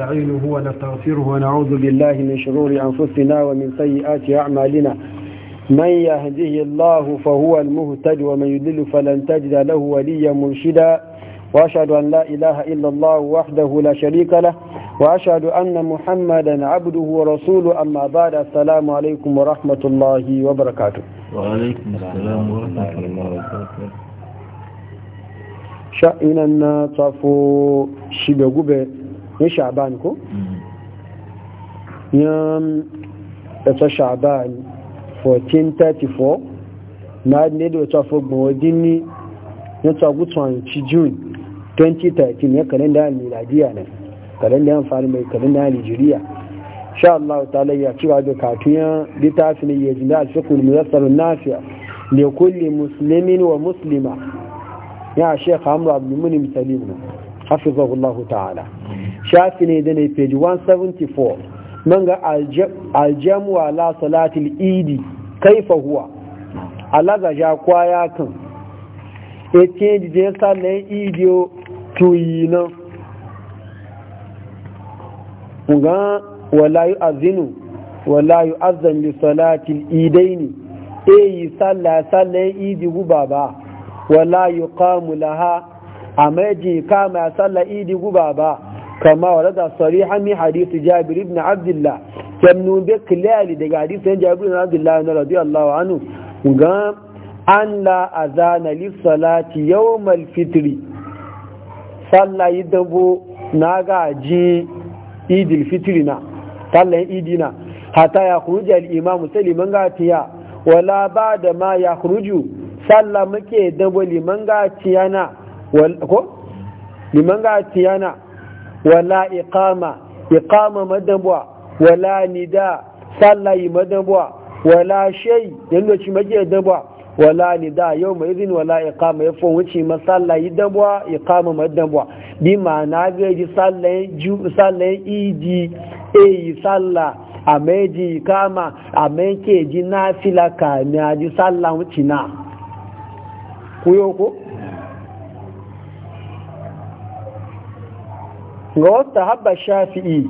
ونستعينه ونستغفره ونعوذ بالله من شرور أنفسنا ومن سيئات أعمالنا من يهده الله فهو المهتد ومن يدل فلن تجد له وليا مرشدا وأشهد أن لا إله إلا الله وحده لا شريك له وأشهد أن محمدا عبده ورسوله أما بعد السلام عليكم ورحمة الله وبركاته وعليكم السلام ورحمة الله وبركاته شأننا تفو شبه sha'aba sha'ban ko ya ta sha'ban 1434 na ne da wata fogbon wajen ni ya tsagu ci june 2013 ya kalenda miladiya ne kalenda yan faru mai kalenda nigeria sha Allah ta ta'ala ya cewa da katuyan littafin ya jinda alfiqul muyassar nafiya li kulli musulmin wa muslima ya shekha amru abdul munim salim hafizahu Allah ta'ala shafi ne da ne page 174 man ga aljamuwa la salatul idi kaifa huwa alaza ja kwaya kan ete jije salen idio tuyina ga wala yu'azinu wala yu'azzan li salatil idaini e yi salla salen idi guba ba wala yuqamu laha amaji kama salla idi guba ba كما ورد صريحا من حديث جابر بن عبد الله كم نبك لالي دقى حديث جابر بن عبد الله رضي الله عنه وقام أن لا أذان للصلاة يوم الفطر صلى يدبو ناقا جي إيد الفطرنا صلى إيدنا حتى يخرج الإمام سليمان قاتيا ولا بعد ما يخرج صلى مكي يدبو لمن قاتيانا وال... لمن قاتيانا wala iqama iqama madabwa wala nida sallayi madabwa wala shay yanda ci maje dabwa wala nida yau mai izin wala iqama ya fon wuce ma sallayi dabwa iqama madabwa bi ma'ana ga ji sallayi ju sallayi idi eyi salla ameji iqama ameke ji nafila ka ni aji sallah wuce na kuyo ko ga wata haɓa shafi'i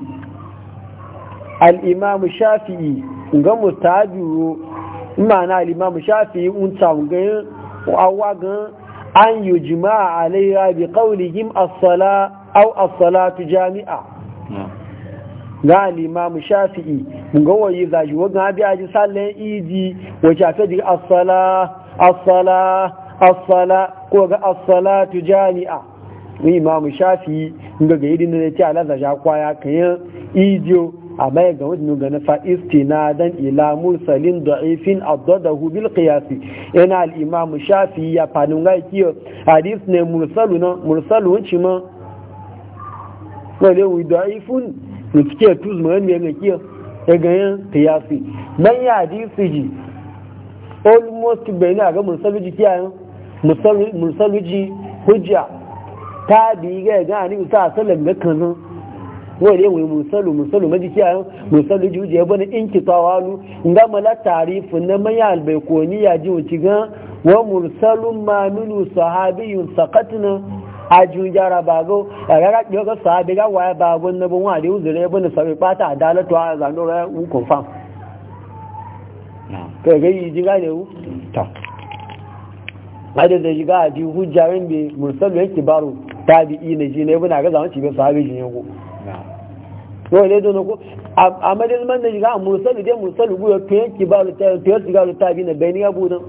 al'imamu shafi'i ga mutajiro ma'ana al'imamu shafi'i unta ganin awa gan an yi jima'a alayya bi ƙaunihim as-salatu jami'a ga al'imamu shafi'i ga wayi zaji wagan abi aji sallan iji wacce a fi as-sala as-sala as ko ga as-salatu jami'a ni imamu shafi ga ga yidin ne ce alaza ja kwaya kayan idiyo amma ya ga wajen gane fa istinadan ila mursalin da'ifin addadahu bil qiyasi ina al imamu shafi ya fanu ga kiyo hadith ne mursalu na mursalu wuce ma wale wi da'ifun ni kike tuz ma ne ga kiyo ya ga yan qiyasi man ya hadisi ji almost bayna ga mursalu ji mursalu mursalu ji hujja tabi ga ga ani usa sallam ga kanu wai dai wai musalu musalu majiki ayo musalu juje ya bane in ki tawalu nga mala tarifu na maya albaykoni ya ji wuci ga wa mursalun ma minu sahabiyun saqatna ajun jara bago rara yo ga sahabi ga waya bago na bun wa dai uzure bane sabi pata adalatu a zando ra u confirm kai ga yi ji ga ne u ta hada da ji ga ji hujjarin bi mursalu yake baro tabi'i na ji ne buna ga zaman cibiyar sahabi shi ne ko yau ne don ko a madin man da shiga a musalu dai musalu guya tuyen kibaru tuyen sigaru tabi na bayani abu don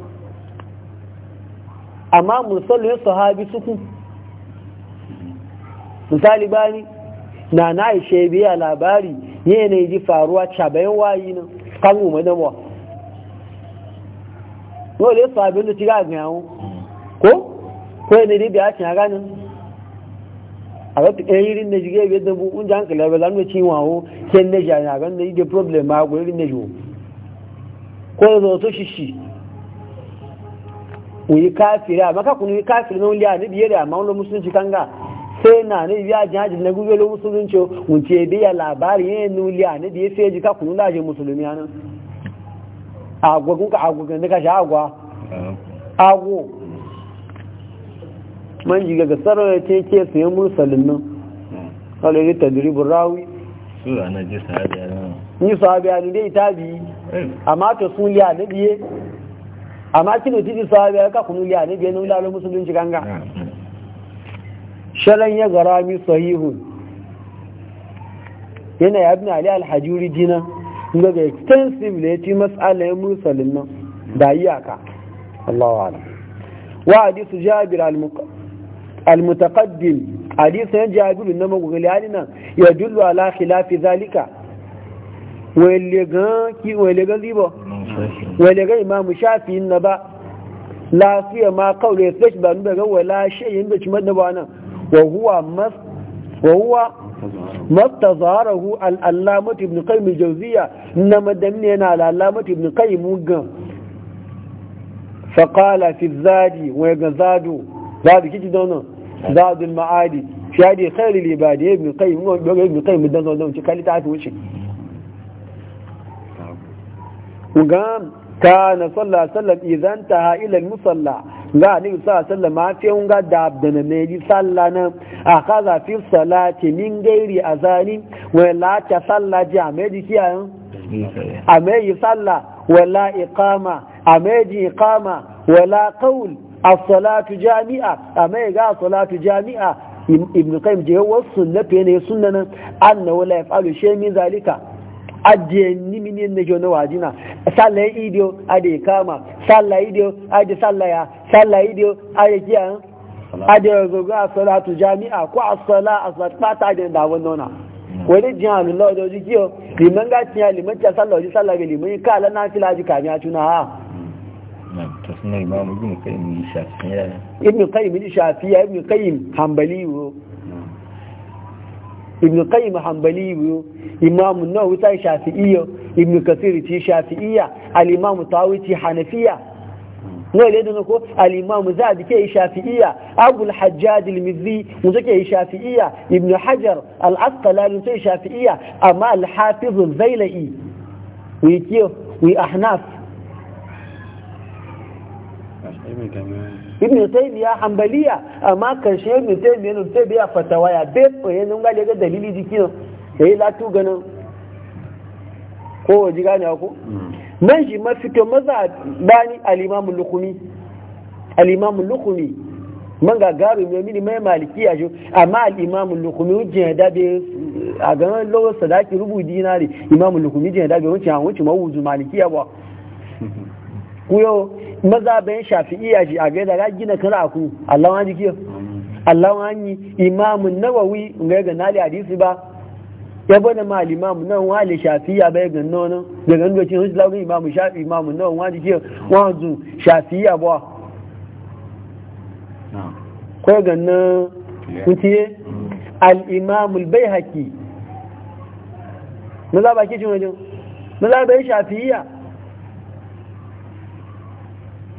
amma musalu ya sahabi suku misali bani na na ishe biya labari yanayi ji faruwa cabayin wayi nan kan mu yau ne da shiga a ko ne dai biya cin a a ga ta irin na jige bai da bukun jan kala ba zan ci wawo sai na ja na gan da yi problem ma go irin na jo ko zo to shishi uyi kafira maka kun yi kafir non liya ne biye da kanga sai na ne biya jaji na gube lo musulunci e labari musulmi man jiga ga tsaro ya ce ke su yi mursalin nan kawai ya tadribin rawi ni sahabiya ne dai ta biyi amma ta sun liya na biye amma kino titi sahabiya ka kunu liya na biye na wulalo musulunci ganga ah, hmm. shalan ya gara mi sahihu yana ya bi ali alhajuri dina daga extensive da ya ci matsala ya mursalin nan da aka Allah wa'ala wa hadisu jabir al-muqaddas المتقدم حديث جابر انما غلي علينا يدل على خلاف ذلك ولغان كي ولغان ديبا ولغان امام شافعي نبا لا في ما قول يستشبه بغا ولا شيء بچ مدبانا وهو مس وهو ما تظاهره العلامة ابن قيم الجوزية إنما دمنا على العلامة ابن قيم فقال في الزاد ويغزاد زاد كيف دونا zadul ma'adi shi hadi khairul ibadi ibn qayyim wa ibn qayyim dan zo ci kalita ta wuce ugam kana sallallahu alaihi wasallam idan taha ila musalla za ni sallallahu alaihi ma fi unga da abdana ne di sallana akaza fi salati min gairi azani wa la ta salla ji ameji kiyan ameji salla wala iqama ameji iqama wala qawl as-salatu jami'a amma ya ga as-salatu jami'a ibn qayyim je wa fe ne sunnan annahu la yaf'alu shay min zalika ajiye ni mini ne jona wajina sallah idio ade kama sallah idio ade sallaya ya idio ade kiya eh? ade gogo as-salatu jami'a ko as-sala as-salat ba ta da da wannan wani jin hannun lawa da wajen kiyo liman gaciya liman casar lawa sallah ga liman yi kala na fila ji kamiya tuna ha to suna imam ibn qayyim shafi'i ibn qayyim shafi'i ibn qayyim hanbali wo ibn qayyim hanbali wo imam nawawi ta shafi'i ibn kathir ti shafi'iyya al-imam tawi ti hanafiyya ne le dun ko al-imam zabi ke shafi'iyya abu al-hajjaj al-mizzi mun ke shafi'iyya ibn hajar al-asqalani ta shafi'iyya amma al-hafiz al-zailai wi kiyo wi ahnaf ibn taymiya hanbaliya amma karshe ibn taymiya ibn biya fatawa ya be koyen nun ga dalili jiki no yayi latu ganin ko ji gane ko nan shi fito maza bani al-imam al-luqmi al-imam al man ga garu mai mini mai maliki a amma al-imam al-luqmi wujin da be a ganin lokacin sadaki rubu dinari imam al-luqmi jin da be wuce an wuce mawuzu malikiya ba kuyo maza bayan shafi'iyya ji a gaida ga gina kana ku Allah wani kiyo Allah wani imamu Nawawi ga ga nali hadisi ba ya bada ma Imam nan wali shafi'iyya bai ga nono ga ga lokacin hujja lawo imamu Shafi imamu nan wani kiyo wanzu shafi'iyya ba ko ga nan kuntiye al-Imam al-Baihaqi maza ba ke cin wajen maza bayan shafi'iyya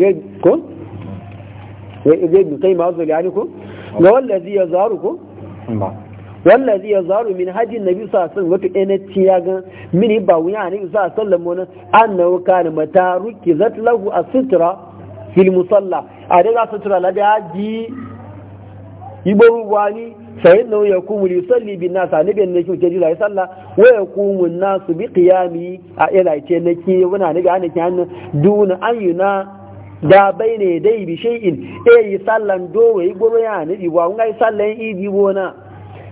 ga ko ga bi kai ma zuri ani ga wallazi yazaru ko wallazi min haji nabi sallallahu alaihi wasallam wato ene mini ba wuya ne sallallahu alaihi wasallam wannan annahu kana mataruki zat a sutura fil musalla a daga sutura la da haji iboru wani sayin nan ya kumu li bin nasa ne bin nake ke jira sallah wa ya kumu nasu bi qiyami a ila na nake wani ne ga ana kan duna ayuna da bai ne dai bi shay'in e yi sallan doro yi goro ya nabi wa kun ga sallan idi bona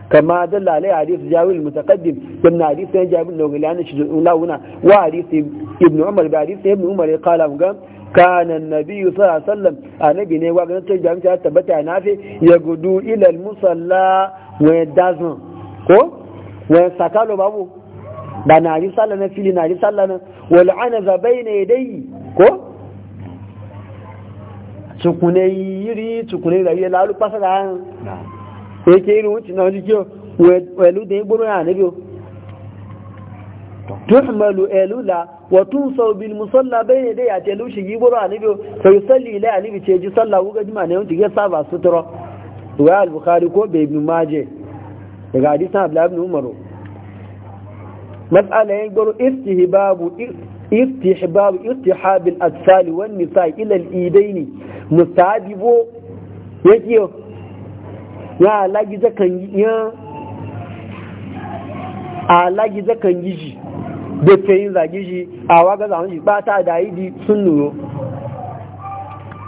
kama dalla alai hadith jawil mutaqaddim ibn hadith sai jabir da gilani shi launa wa hadith ibn umar da hadith ibn umar ya kala ga kana annabi sallallahu alaihi wasallam annabi ne wa ganin tajja mutum tabbata na fi ya gudu ila musalla wa dazan ko wa sakalo babu da na yi sallah na fili na yi sallah na wal anaza bayna yadayhi ko tukune yiri tukune rayu lalu an da ya tuhmalu elula wa tunsau bil musalla da ya ce lushi yi gburu a o sai salli ila anabi ce ji sallah wuga jima ne wuce ya saba sutura wa al-bukhari ko bai bi maje daga hadisan abdullahi ibn umaru mas'ala ya gburu istihbabu istihbab istihab al-atsal wan nisa' ila al-idayn mustadibo yake ya alagi zakan ya alagi zakan giji da tayin zagiji a waga zan ji ba ta da idi sun nuro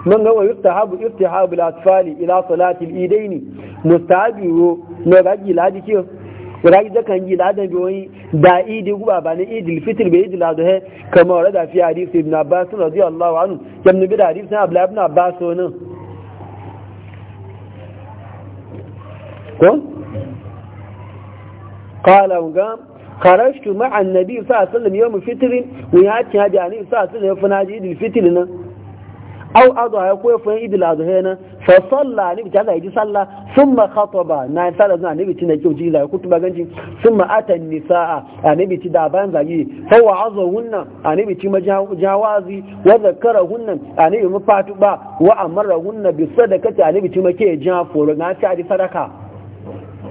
man ga wa istihab istihab al-atsal ila salati al-idayn mustadibo ne ba gi ladi ke ra'ayi zakan gi ladan bi wani دا عيد بان بني يعني عيد الفطر بعيد الاضحى كما ورد في حديث ابن عباس رضي الله عنه كما نبي حديث عبد الله بن عباس هنا قال وقام خرجت مع النبي صلى الله عليه وسلم يوم الفطر ويات هذه يعني صلى الله عليه وسلم فناجي الفطر هنا او اضحى يقول فناجي الاضحى هنا fa salla ni bita ga yi salla summa khataba na salla na ni bitin ke uji la kutuba ganji summa ata nisaa ani biti da ban zagi fa wa'aza hunna ani ma jawazi wa zakara hunna ani mu fatu ba wa amara hunna bi sadakati ani biti ke jan foro na ta di sadaka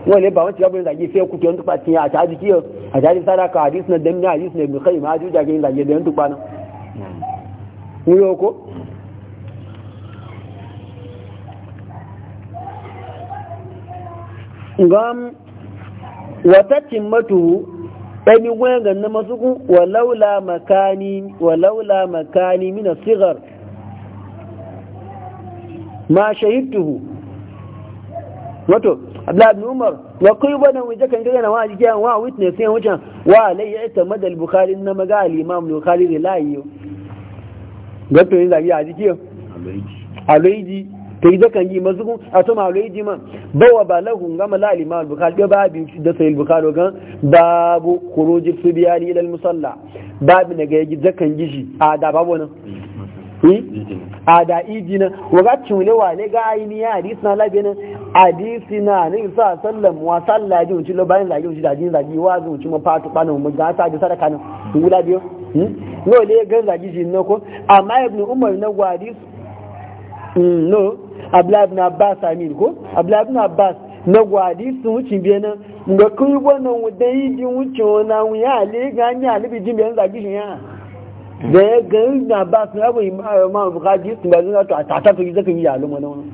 wale ba wancan gabin zagi sai ku ke wani tuba tinya a ta jiki a ta di sadaka hadis na dan hadis ne bi kai ma ajuja ga yin zagi da yan na. nan ko ngam wata cimmatu ɗani wayan na masu ku walaula makani walaula makani mina sigar ma shahidtuhu wato abdullahi ibn umar wa kai wannan waje kan gana wa jike wa witness yan wajen wa alayya ita madal bukhari na maga al imam bukhari da layi gato ne da ya jike alaiji to yi zakan yi mazugun a to malo yi ma bawa ba lahu gama la al-imam bukhari ga babu da sahih bukhari gan babu khuruji subyani ila al-musalla babu na ga yi zakan yi shi a da babu nan a da iji nan waga cimule wale ga aini ya hadisi na labe nan hadisi na ne sa sallam wa salla ji wuce lo bayan zagi wuce da jin zage wa zuwa cimma fatu kwanan mu ga sa ji sadaka nan wula biyo no le gan zagi shi nan ko amma ibn umar na gwadis mm, no abdullahi ibn abbas amin ko abdullahi ibn abbas na gwadi sun wuce biye nan ga kai wannan wuda yi ji wuce wana wuya ale ga ni alibi jin biyan zagi shi ya da ya ga na abbas na bai ma bukaji sun ba zan to a tata to zaka yi yalo mana wannan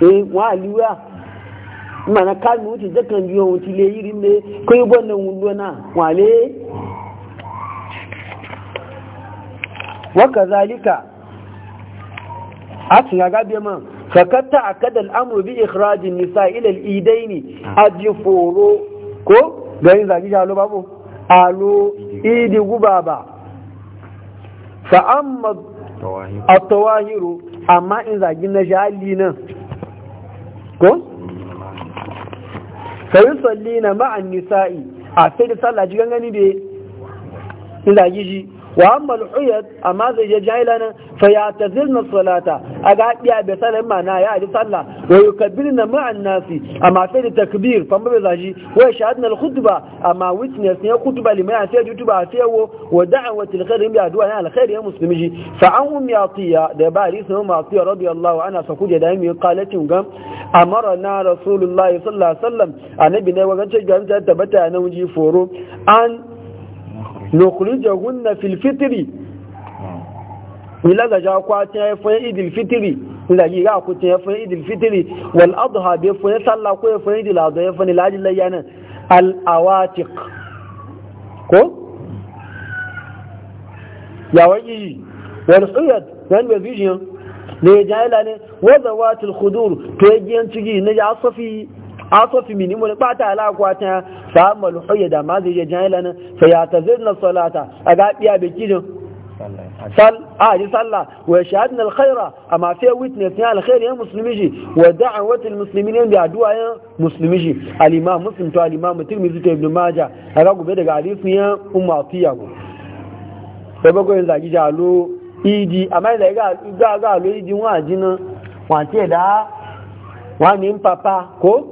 eh wa aliwa mana kan wuce zakan biyo wuce le yiri me kai wannan wundona wale waka zalika a tuna gabe man fakatta a kadal amur bi ikhrajin nisa ilal idai ne a ji foro ko garin zagi jalo babu alo idi guba ba fa'amma a tawahiru amma in zagi na jali nan ko? sayi tsalli na ma'an nisa'i a sai da tsalla ji gangani da in zagi shi wa amma al amma zai je jahilan fa ya tazilna salata aga biya be salan mana ya ji sallah wa yukabbirna ma'an nasi amma sai da takbir fa bai zaji wa shahadna al-khutba amma witness ne khutba liman ya sai jutuba sai wo wa da'wati al-khair ya du'a al khair ya muslimi fa an um yatiya da bari sun ma tiya radiyallahu anha sa kuje da mi qalatin gam amara na rasulullahi sallallahu alaihi wasallam annabi ne wa gace ga ta tabbata nan ji foro an nukhrijahunna na filfitiri ila ga ja kwa ya fi idil fitiri ila yi ga ku ya fi idil fitiri wal adha bi fa salla ko fi idil adha fi ni lajil yana al awatiq ko ya wani wani wal huyad wan wazijiyan ne jayla ne wa zawatil khudur to yajiyan cigi na ya safi aso fi mini mun bata alakwa ta fa malu da ma zai je jahilana fa ya tazirna salata a ga biya be kijin sal a ji salla wa shahadna alkhaira amma fi witness ya alkhairi ya muslimi ji wa da'awati almuslimin ya addu'a ya muslimi ji al-imam muslim to al-imam tirmidhi to ibn majah aga gobe daga hadisi ya umma tiya go sai bago yin zagi jalo idi amma da ga ga ga lo idi wa jina wa ti da wa ni papa ko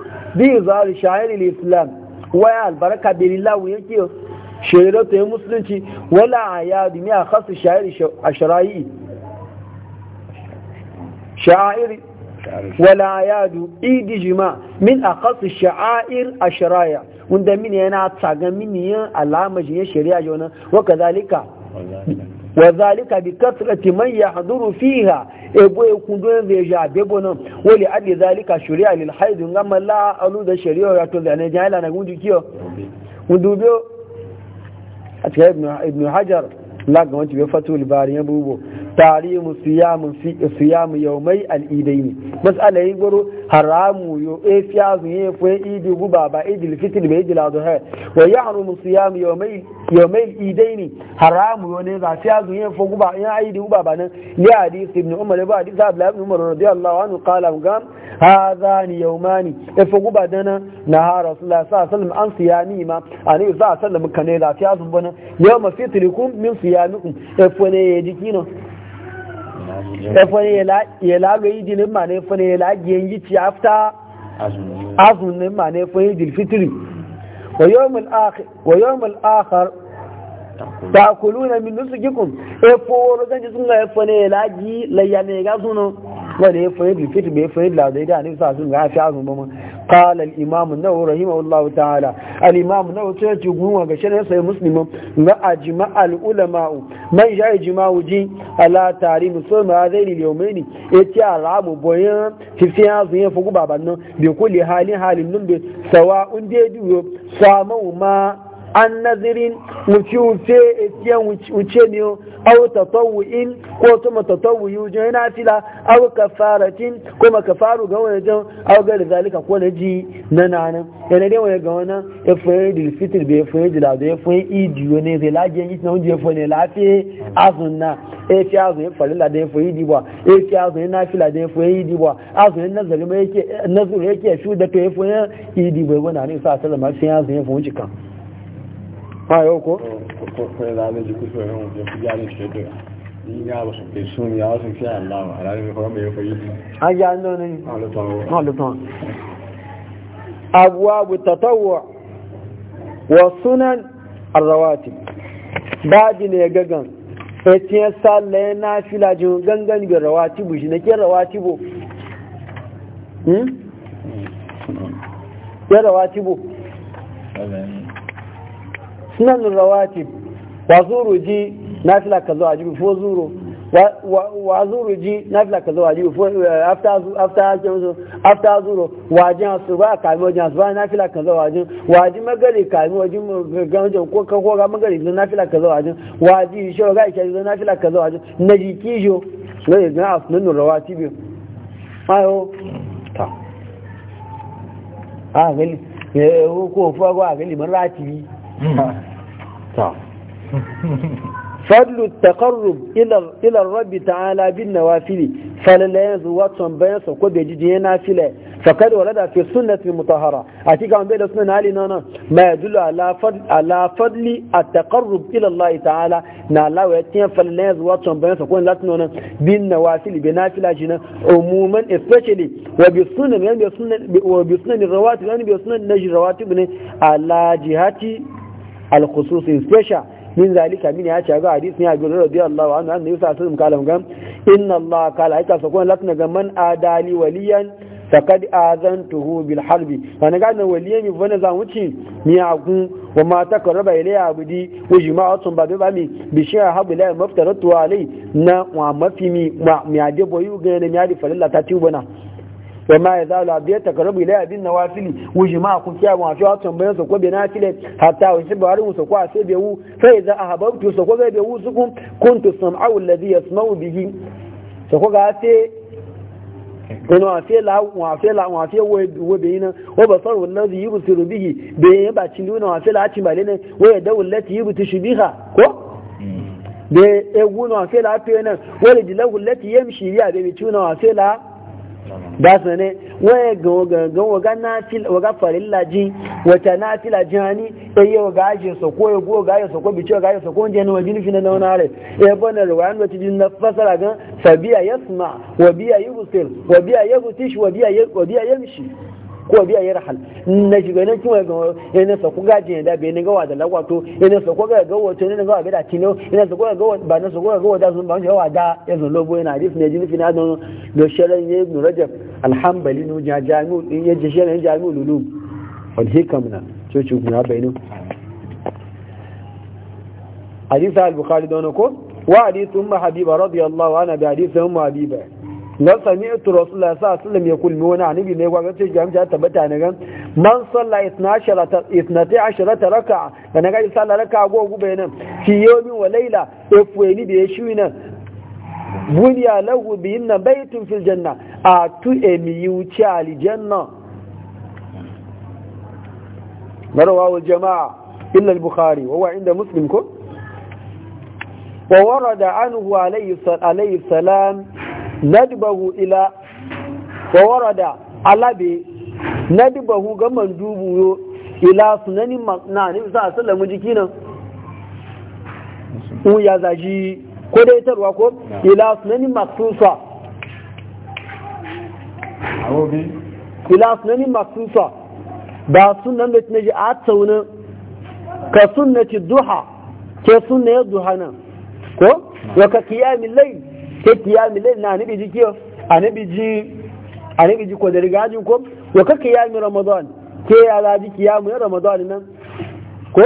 bi izhar sha'ir islam waya albaraka billah yake shayar ta musulunci wala ya dunya khas sha'ir ashra'i sha'ir àyà ayadu idi jima min akhas sha'air ashraya wanda min yana tsaga min yan alamajin shari'a jona wa zalika bi kasrati man yahduru fiha e boye kundon veja be bonon wali adi zalika shari'a lil haid ngama la alu da shari'a ya to da ne jala na gudu kiyo ibn hajar la be fatul bari ya bubo tarimu siyamu siyamu yaumai ne mas'ala yin gwaro haramu yo e fiyazu yi fuwa idi guba ba idil fitr ba idil ha wa mu siyamu yaumai idai ne haramu yo ne za fiyazu yi fuwa guba ya idi guba ba nan ya hadith ibn umar ba hadith abdullah ibn umar radiyallahu anhu qala gam hadhani yaumani e fuwa guba dana na ha rasulullah sallallahu alaihi wasallam an siyami ma a ani za a wasallam kane da fiyazu bana yauma fitrikum min kun e fuwa ne na? efone ya laga idilin ma na efone ya lagi yin gici afta azunin ma na efone idil fitri wa yawon akhar ta kulu na min nusu gikun efo wani zanci sun ga efone ya lagi layyane ga sunan wanda ya da fitin bai fayi ladai da annabi sallallahu alaihi wasallam ya fi azun ba mun qala al imam an-nawawi rahimahullahu ta'ala al imam an-nawawi sai ci gunwa ga shirin sai muslimin ga ajma al ulama man ja ijma'u ji ala tarim suma zaini yawmaini yace arabu boyan fifi azun ya fugu baban nan bi kulli halin halin nun bi sawa'un dai duyo samau ma an nazirin wuce wuce etiyan wuce ne au tatawu'in ko tuma tatawu'i wajen yana fila au kafaratin ko kafaru ga wani jan au ga zalika ko na ji na nanan yana dai wani ga wani ya fuyi da fitir bai fuyi da lado ya fuyi wani zai lagiyan yi na wunje fuyi da lafi azun na ya fi azun ya fari da ya fuyi di ba ya fi da ya nafila da ya fuyi di ba azun ya nazari ma yake nazari yake shu da ka ya fuyi idi bai wani ne sa salama sai azun ya ya ha ko? ya wasu ke sun ya wasu a ranar a an ne? abuwa butatawa wa sunan arrawati baji ne gagan etiyar sallaye na filajin gangan bin rawati bu shi na ke rawati bu hmm? hmm, rawati bu sunan rawatib wa zuruji nafila kaza wajibi fo zuru wa zuruji nafila kaza wajibi fo eh, after after after zuru wajin asuba kami wajin asuba nafila kaza wa ji magari kami wajin ganjan ko ka ko ga magari don nafila kaza wa ji sho ga isha don nafila ji ki jo na ji na sunan rawatib ayo ta a gani eh, ko a ga gani marati hmm. fadlu taqarrub ila ila rabbi ta'ala bin nawafili falalla yanzu watan bayan sa ko bai jiye nafila fakad walada fi sunnati mutahhara akika an bai da sunan ali nana ma yadullu ala fadl ala fadli at-taqarrub ila Allah ta'ala na Allah ya tiyan falalla yanzu watan bayan sa ko latin nana bin nawafili bi nafila jina umuman especially wa bi sunan yan bi sunan wa bi sunan rawatib yan bi sunan najrawatib ne ala jihati al-khusus special min zalika min ya ce ga hadisi ya gudu radiyallahu anhu annabi sallallahu alaihi wasallam gam inna allah qala aika sakon latna ga man adali waliyan faqad azantuhu bil harbi wani ga nan waliye mi bana za mu ci mi agun wa ma takarraba ilayya abdi wa jama'atun ba ba mi bi shi habu la maftaratu alai na wa mafimi ma mi ade boyu ga ne mi ade falalla ta ci bana wa ma ya zalu abiya takarabu ila abin nawafili wuji ma ku kiya wa fi watan bayan sa ko bi nafile wa shi bari musa ko sai bi wu sai za ahabbtu sa ko bi wu sukun kuntu sam'u ga wani wo basar wallazi yubsiru bihi be ba cin duna wafe la cin bale ne wa ya lati yubtishu biha ko hmm. be ewu na wafe la na ne wa rijlahu lati yamshi ya be bi tuna wafe la gasa ne waya ga waga nafil waga farilla ji wata nafila jani hani e yau ga aje so ko e go ga so ko bice ga aje so ko je ne wajin fina na wani are e bana ruwan wata jin na fasara gan sabiya yasma wa biya yubsil wa biya yubtish wa biya wa yamshi ko biya ya rahal na shiga ne kuma ga yana sa ku gaje da be ne ga wa da lagwato yana sa ku ga ga wato ne ga ga da tino yana sa ku ga ba na sa ku ga da sun ba shi wa da ya zo lobo yana hadis ne jini fina don do sharan ne ibn rajab alhambali nu ja jami'u in ya ji sharan jami'u lulu wal hikamna ku na bayinu hadith al-bukhari don ko wa hadith umma habiba radiyallahu anha bi hadith umma habiba na sami ito rasulullah sa sallam ya kulmi wani anibi ne kwaga ce jami'a ta tabbata ne gan man salla isnati asharata raka da na gaji salla raka gogu bai nan fi yomi wa laila efuweni da ya shi nan buniya lahu biyin na tun fil janna a tu emiyu ci alijanna marawawul jama'a illa al-bukhari wa wa inda muslim ko وورد عنه alayhi salam nadbahu ila wa warada alabe nadbahu ga mandubu yo ila sunani na ne sa sallamu jiki nan u ya zaji ko dai tarwa ko ila sunani maksusa ila sunani maksusa ba sunan da tunaji a tsaunin ka sunnati duha ke sunna ya duha nan ko wa ka kiyamin lai sai kiyami lai na ni biji kiyo a ni biji a ni biji kodari gaji ko wa ka kiyami ramadan ke ya gaji kiyami ramadan nan ko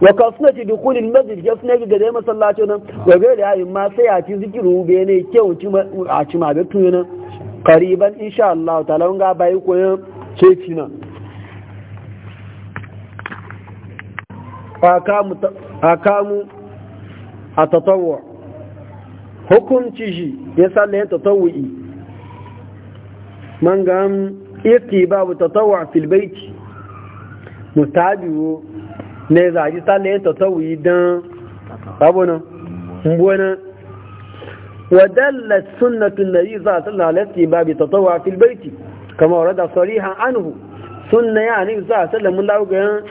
wa ka suna ci dukulin masjid ya suna ga dai masallaci nan wa ga da yayin ma sai a ci zikiru be ne kyau ci a ci ma ga tuyo nan qariban insha Allah ta'ala ga bai koyo sai ci nan akamu akamu atatawwa hukunci shi ya sallaye tatawu'i man ga irti babu tatawa fil baiti mutabiwo ne zaji sallaye tatawu'i dan abuna mbona ودلت سنة النبي صلى الله عليه وسلم على استباب التطوع في البيت كما ورد صريحا عنه سنة يعني صلى الله عليه وسلم الله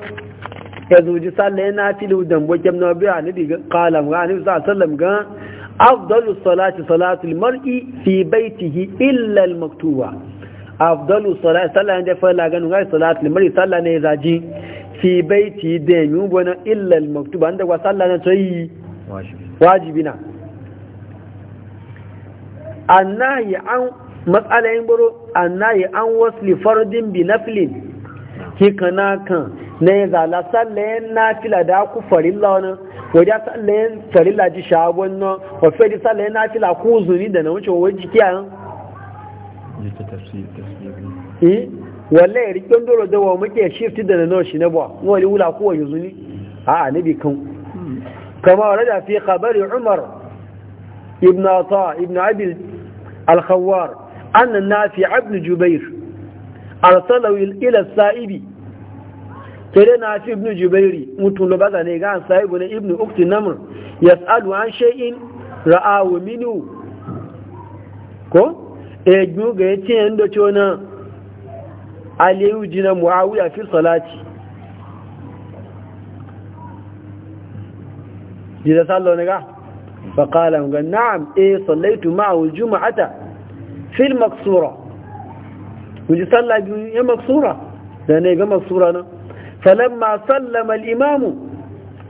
ya zuji sallah yana fili dan bokem na biya ne diga kalam ga annabi sallallahu alaihi afdalu salati salatul mar'i fi baitihi illa al maktuba afdalu salati sallan da fa la ganu ga salatul mar'i sallan ne zaji fi baiti da yu bona illa al maktuba inda wa sallan to yi wajibina annahi an matsalayin buru annahi an wasli fardin bi naflin hikana kan ne zala nafila da ku farilla wannan wajen sallayen farilla ji shagon nan wafe da sallayen na fila ko zuri da na wuce wajen jikiya. a nan wale ya rikin doro da wa muke shifti da na nan shi na ba wani wula ko wani zuri mm. a anabi kan mm. kama wa Rada fi khabari umar ibn ata ibn abil al-khawar annan nafi abin jubair arsalau ila sa'ibi sai na fi ibnu jubairi mutum da baza ne ga sahibu na ibnu ukti namr yas'alu an shay'in ra'awu minu ko e ga yace yanda cona aliyu jina muawiya fi salati jida sallo ne ga fa qala ga na'am e sallaitu ma'ahu juma'ata fil maksura kuji sallah ya maksura da ne ga maksura na falamma sallama al-imamu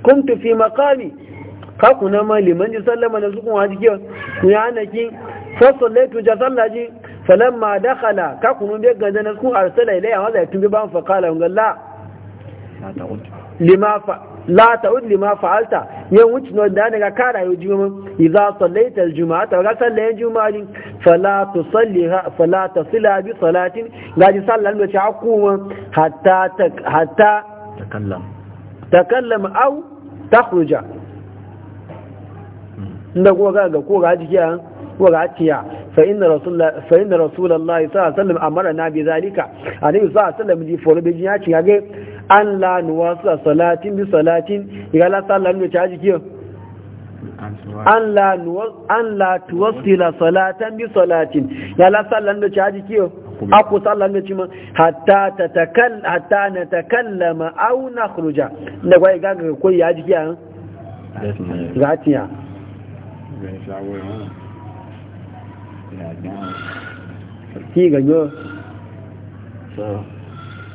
kuntu fi maqami ka kuna ma liman sallama da sukun haji kiyo ku ya anaki fa sallaitu ja sallaji falamma dakhala ka kuna be ganda na sukun arsala ilayya zai tumbi ban fa qala ngalla lima fa fa'alta yan wuce no da daga kara yau juma idza sallaita aljuma'a ta ga sallayan juma'a din fala tusalliha fala tasila bi salatin gaji sallan da ci hakuma hatta hatta takallam takallam au takhruja inda ko ga ga ko ga jiya ko ga tiya fa inna rasulullahi fa inna rasulullahi sallallahu alaihi wasallam amara na bi zalika annabi sallallahu alaihi wasallam ji foro bi ya ci ga an la a salatin bi salatin igala sallah ne ta jiki an la an la tuwassila salatan bi salatin igala sallah ne ta jiki aku sallah ne cima hatta tatakal hatta na natakallama aw nakhruja da kai ga ga koi ya jiki an gatiya ki ga yo so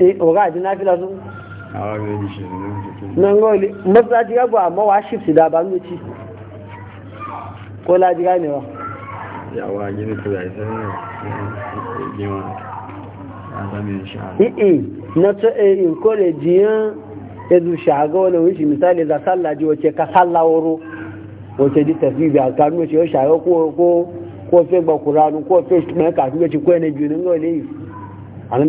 Eh, ọ̀gá àti náfílà tó mọ́sá ti gbogbo àmọ́ wá ṣìf sí dábàá méjì kó láti gáà nìwọ̀ ìyàwó ajé ní kòrò àìsẹ́ náà ezu shaga wani wuce misali za sallaji wace ka sallaworo wace ji tafi biya kanu wace yau shaga ko fe ko fe na biyu yi a nan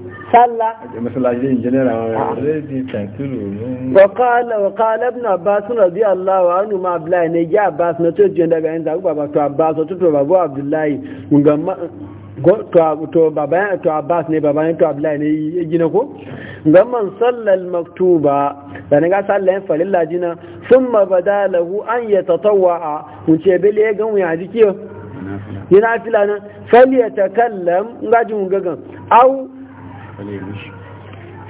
صلى وقال وقال ابن عباس رضي الله عنه ما بلا نجا عباس نتوجه daga yin zagu baba to abbas to to babu abdullahi to abbas ne baba ne to abdullahi ne gina ko gamman sallal maktuba da ne ga sallayen falilla jina thumma badalahu an yatatawwa a wuce bele ga mu ya jikiyo yana filana fal yatakallam ngajin gagan au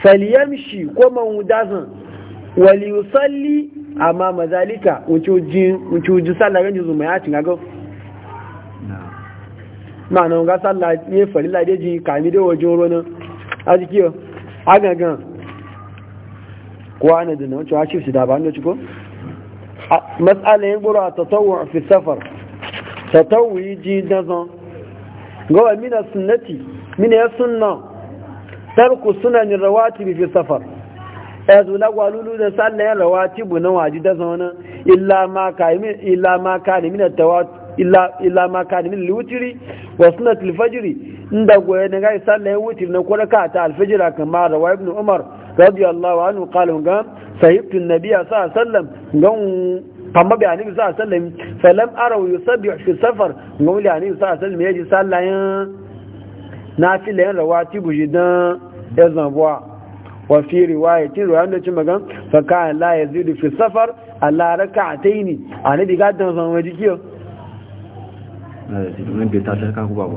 Faliyamshi ko mawudazan wali yusalli amma mazalika wuce ji sallah ganji zuma ya cin agaw ma'ana ga sallah ne falila da ji kami da wajen ruwan a jikiyo agagan kuwa da na wuce wa shi da ba an da ciko matsala yin gura a tattawar fi safar tattawar ji dazan gawa mina sunnati mina ya sunna tarku ni rawatibi fi safar ya zula gwalulu da sallayen rawatibu na waji da zaune illa ma ka nemi illa ma ka nemi lutiri wa suna tilfajiri inda goye na gai sallayen wutiri na kwarka ta alfajira kamar rawa ibn umar radiyallahu anhu kalin gan sahibtun nabiya sa sallam gan amma bai anibi sa sallam falam arawu yusabbihu fi safar gan wuli anibi sa sallam yaji sallayen na filayen rawati buji wa fi riwaya tin riwaya da cin magan fa ka fi safar ala rak'atayn anabi ga dan zan waji kiyo ne bai ta tsaka ku bai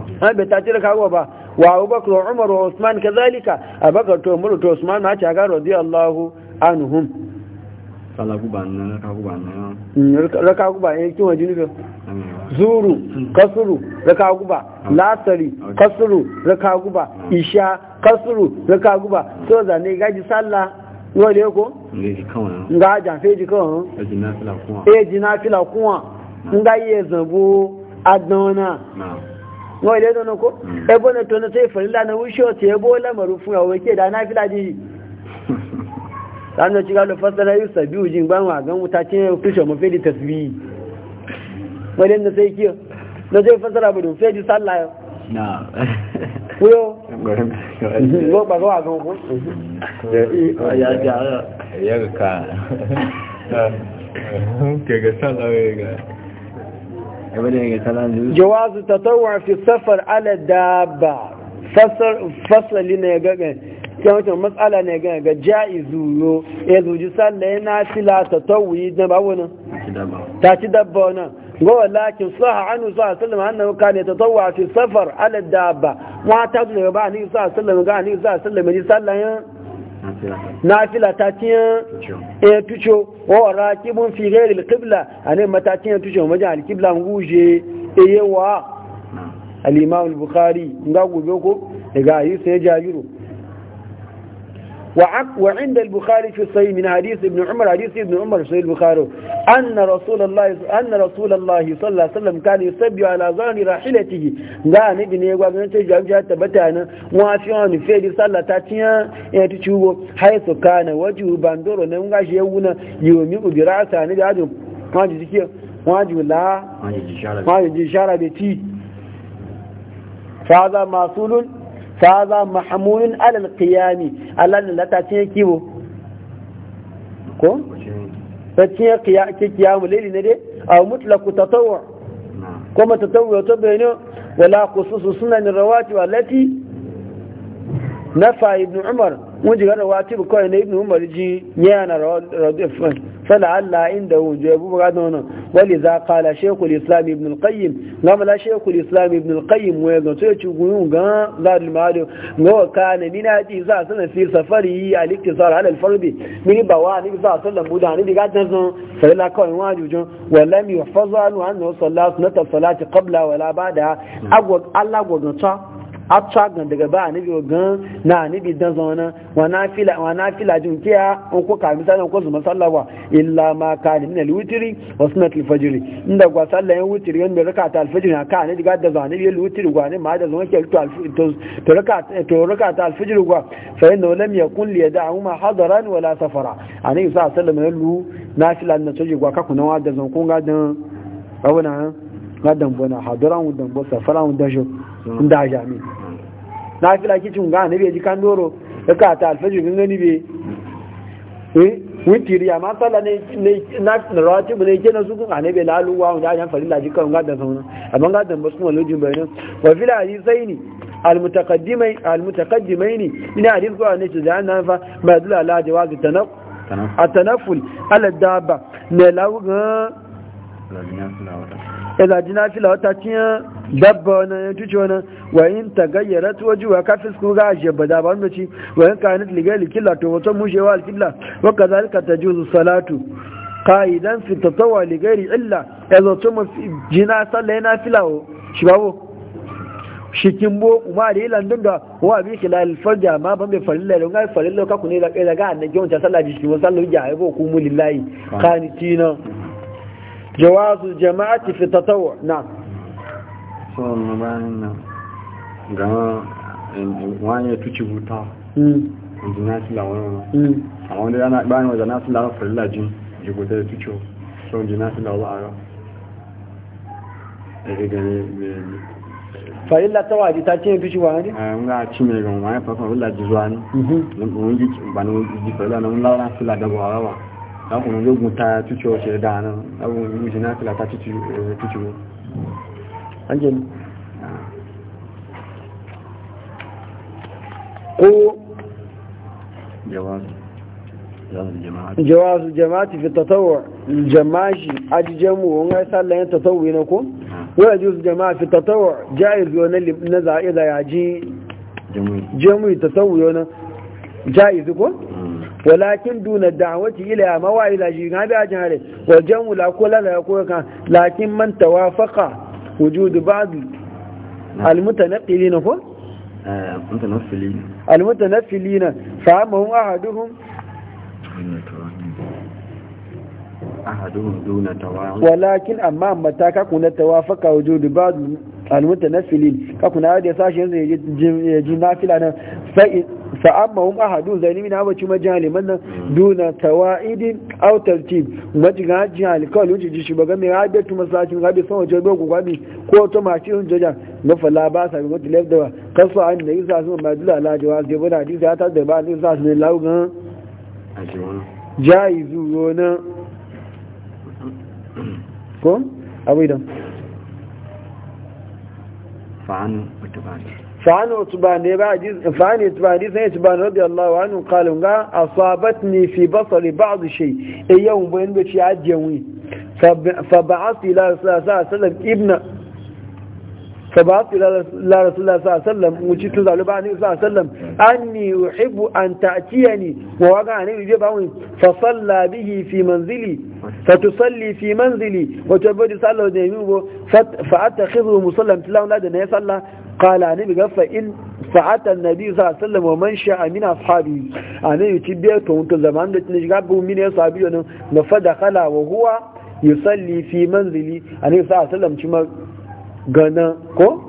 ta tsaka ku ba wa Umar wa Usman kazalika Abubakar to Umar to Usman ba nan ka ku ba nan zuru kasuru raka guba lasari kasuru raka guba isha kasuru raka guba so da ne gaji sallah wale ko nga ja feji ko e eh, jina fila kuwa nga ye zambu adona wọ́n ilé dọ́nà kó ẹgbọ́n ní tọ́nà tó ìfẹ̀lélà náà wíṣọ́ tí ẹgbọ́ lẹ́mọ̀rú fún àwọn èké ìdáná lánàá tí ká lọ yóò sàbí òjì ta yìí wani na sai kiyo na zai fasara budu sai ji sallah yau kuyo ba zuwa ku ya ya ya ga ka ke ga sallah ga ga sallah jawazu tatawwa fi safar ala dabba fasali ne ga kyan wata matsala ne gana ga ja'izu yo ya zuji yana fila ta tawuyi na babu nan ta ci dabba nan ولكن صح عنه صلى الله عليه وسلم أنه كان يتطوع في السفر على الدابة ما تظلم بقى نبي صلى الله عليه وسلم قال نبي صلى الله عليه وسلم يصلى نافلة تاتين تشو وهو راكب في غير القبلة أنا ما تاتين تشو ما جاء القبلة نقوجي إيوا الإمام البخاري نقول بيوكو إيقا يسجا يرو وعند البخاري في الصحيح من حديث ابن عمر حديث ابن عمر في البخاري أن رسول الله أن رسول الله صلى الله عليه وسلم كان يصبي على ظهر راحلته قال ابن يقول جاب جاءت بتانا وافيان في صلى تاتيا يتشوه حيث كان وجه باندور نمغاش يونا يومي برأسه نبي عدم واجه ذكي واجه لا واجه جشارة بتي فهذا معصول fa za alal qiyami alal ne lata ce kiwo ko ta ce ke mu leli ne dai aw mutlaqu tatawwu kuma tatawwu to ne wala khususu sunan rawati allati nafa ibn umar mun ji gara wati ko ne ibn umar ji yana rawati fa la'alla inda wujubu ga nono ولذا قال شيخ الإسلام ابن القيم لما شيخ الإسلام ابن القيم ويغنطو يتشغلون دار المعالي نو كان من هذه إذا سنة في سفره الاقتصار على الفرد من بواني إذا صلى مدعني بقات نزن فإلا كوين واجب ولم يحفظ عنه أنه صلى سنة الصلاة قبل ولا بعدها أقوى الله أقوى atwa gan daga ba anibi ogan na anabi dan zona wa nafila wa nafila jin kiya on ko ka misali ko zuma sallawa illa ma kana min alwitri wa sunnat alfajr inda gwa sallan yan witri yan rakata alfajr na ka ne diga da zana bi alwitri gwa ne ma da zama ke to alfajr to rakat to rakata alfajr gwa fa inna lam yakun li yad'uma hadaran wala safara anabi sa sallama wasallam lu nafila na soji gwa ka kuna wa da zan ko ga dan abuna ga dan bona hadaran dan bo safaran dan jo da jami na fila kicin ga ne bai ji kan doro ya ka ta alfaji gani bai eh witiri amma ne na rawatib ne ke na su kun ne bai laluwa wanda ajan farilla ji kan gadan sauna amma gadan ba su malojin bayanan wa fila hadisaini المتقدمين المتقدمين من حديث قال نيت جانا فا ما يدل على جواز التنف التنفل على الدابه نلاوغ iza e ji nafila wata ciyan dabba wani ya cuce wani wayin ta gayyara tuwaji wa kafin su ga ashe ba da ban mace wayin ka hannu ligai likila to wata mushe wa alkila waka zalika ta juzu salatu ka'idan fi tattawa ligai illa ya e zato mafi jina sallah yana filawo shi babu shi kin bo kuma da yilan dun da wa bi kila alfarja ma ban be farilla don gai farilla ka ku ne da ga daga annabi wancan sallah bi shi wannan sallah ya ai bo ku mu lillahi ah. kanitina جواز الجماعة في التطوع نعم صلى الله عليه وسلم wani ya tuci buta wajen nasi lawarin a wanda yana bayan wajen nasi lawarin farilajin da ya tuci so wajen nasi a yau farilla ta waje ta cinye tuci wani ne? a nga cinye gan wani farilla ji zuwa ne ba na wuji farilla na wani lawarin fila da a rawa àwọn ológun ta tútù ọ̀ṣẹ̀ dáadáa àwọn ológun jẹ́ náà ta tútù ọ̀rọ̀ angel ko jawazu jama'ati fi tatawwu jama'i ajjamu won ai sallayen tatawwu ne ko wa jawazu jama'a fi tatawwu jaiz yo na na ko walakin duna da'awati ila ma wa ila shi ga da jare wajen wula ko la ko kan lakin man tawafaqa wujud ba'd almutanaqqilina ko eh, almutanaffilina almutanaffilina famahum ahaduhum ahaduhum walakin amma mataka kuna tawafaqa wujud ba'd almutanaffilin ka kuna da sashi yanzu ya ji nafila nan fa amma hum ahadu zani min haba cuma jaliman nan duna tawaidin aw tartib maji ga jali kawai wuce ji shi baga mai rabe tu masallacin rabe san waje dogo gwabi ko to ma ci un jaja na fala ba sa go tilaf da kasu an ne isa sun ma dula ala jawaz da bana hadisi ta da ba ne sa sun lawo ga jaizu yona ko abidan fa'anu mutabani فعن عتبان فعن عتبان عتبان رضي الله عنه قال اصابتني في بصري بعض شيء يوم بين بشي عجوي فبعث الى رسول الله صلى الله عليه وسلم ابن فبعث الى رسول الله صلى الله عليه وسلم وجدت له بعد النبي صلى الله عليه وسلم اني احب ان تاتيني ووقع النبي يجيب فصلى به في منزلي فتصلي في منزلي وتبدي صلى الله عليه وسلم فاتخذه مصلى مثل الله لا يصلى kala ni bi gafa in sa'atan nabi sallallahu alaihi wasallam wa man sha'a min ashabi anayi ti biya to to zaman da tin shiga bu min ya sabi ne na fada kala wa huwa yusalli fi manzili anayi sallallahu alaihi wasallam ci ma gana ko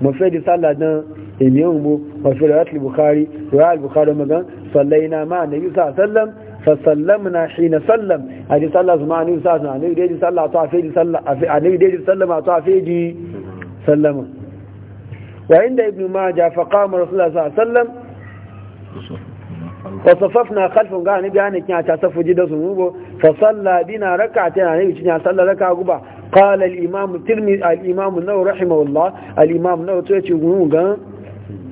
mafadi sallallahu alaihi اليوم وفي رواية البخاري رواية البخاري مقام صلينا مع النبي صلى الله عليه وسلم فسلمنا حين سلم هذه صلى الله عليه وسلم النبي صلى الله عليه وسلم النبي صلى الله عليه وسلم سلم وعند ابن ماجا فقام رسول الله صلى الله عليه وسلم وصففنا خلفه قال نبي أنا كنا تصفوا جدا سنوبه فصلى بنا ركعتين أنا كنا صلى لك عقبا قال الإمام الترمذي الإمام النووي رحمه الله الإمام النووي تيجي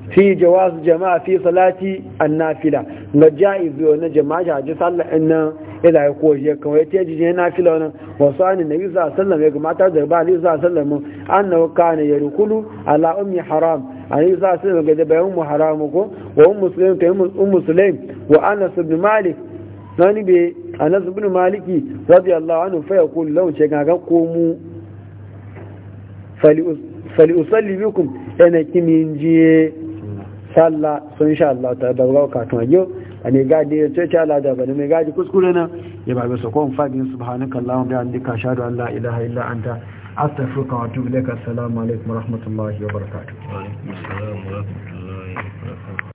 في جواز جماعة في صلاة النافلة نجائز ونجمع جاء صلى إنه ya da ya kawai ta teji ne na fila wani wasu nabi na sallam ya gamata da ba sa sallam an na wuka ne ya rukulu ala ummi haram a sa sallam ga da bayan mu haram ko wa um muslim ta um muslim wa anas ibn malik nani be anas ibn maliki radiyallahu anhu fa yaqul law ce ga ko mu fali usalli bikum ina kimin jiye sallah sun sha Allah ta da ga ka yau ani gadi ya ce ala da bane mai gadi kuskure na ya ba bisa kon fadin subhanaka allahumma bi hamdika ashhadu an la ilaha illa anta astaghfiruka wa atubu ilaika assalamu alaikum wa rahmatullahi wa barakatuh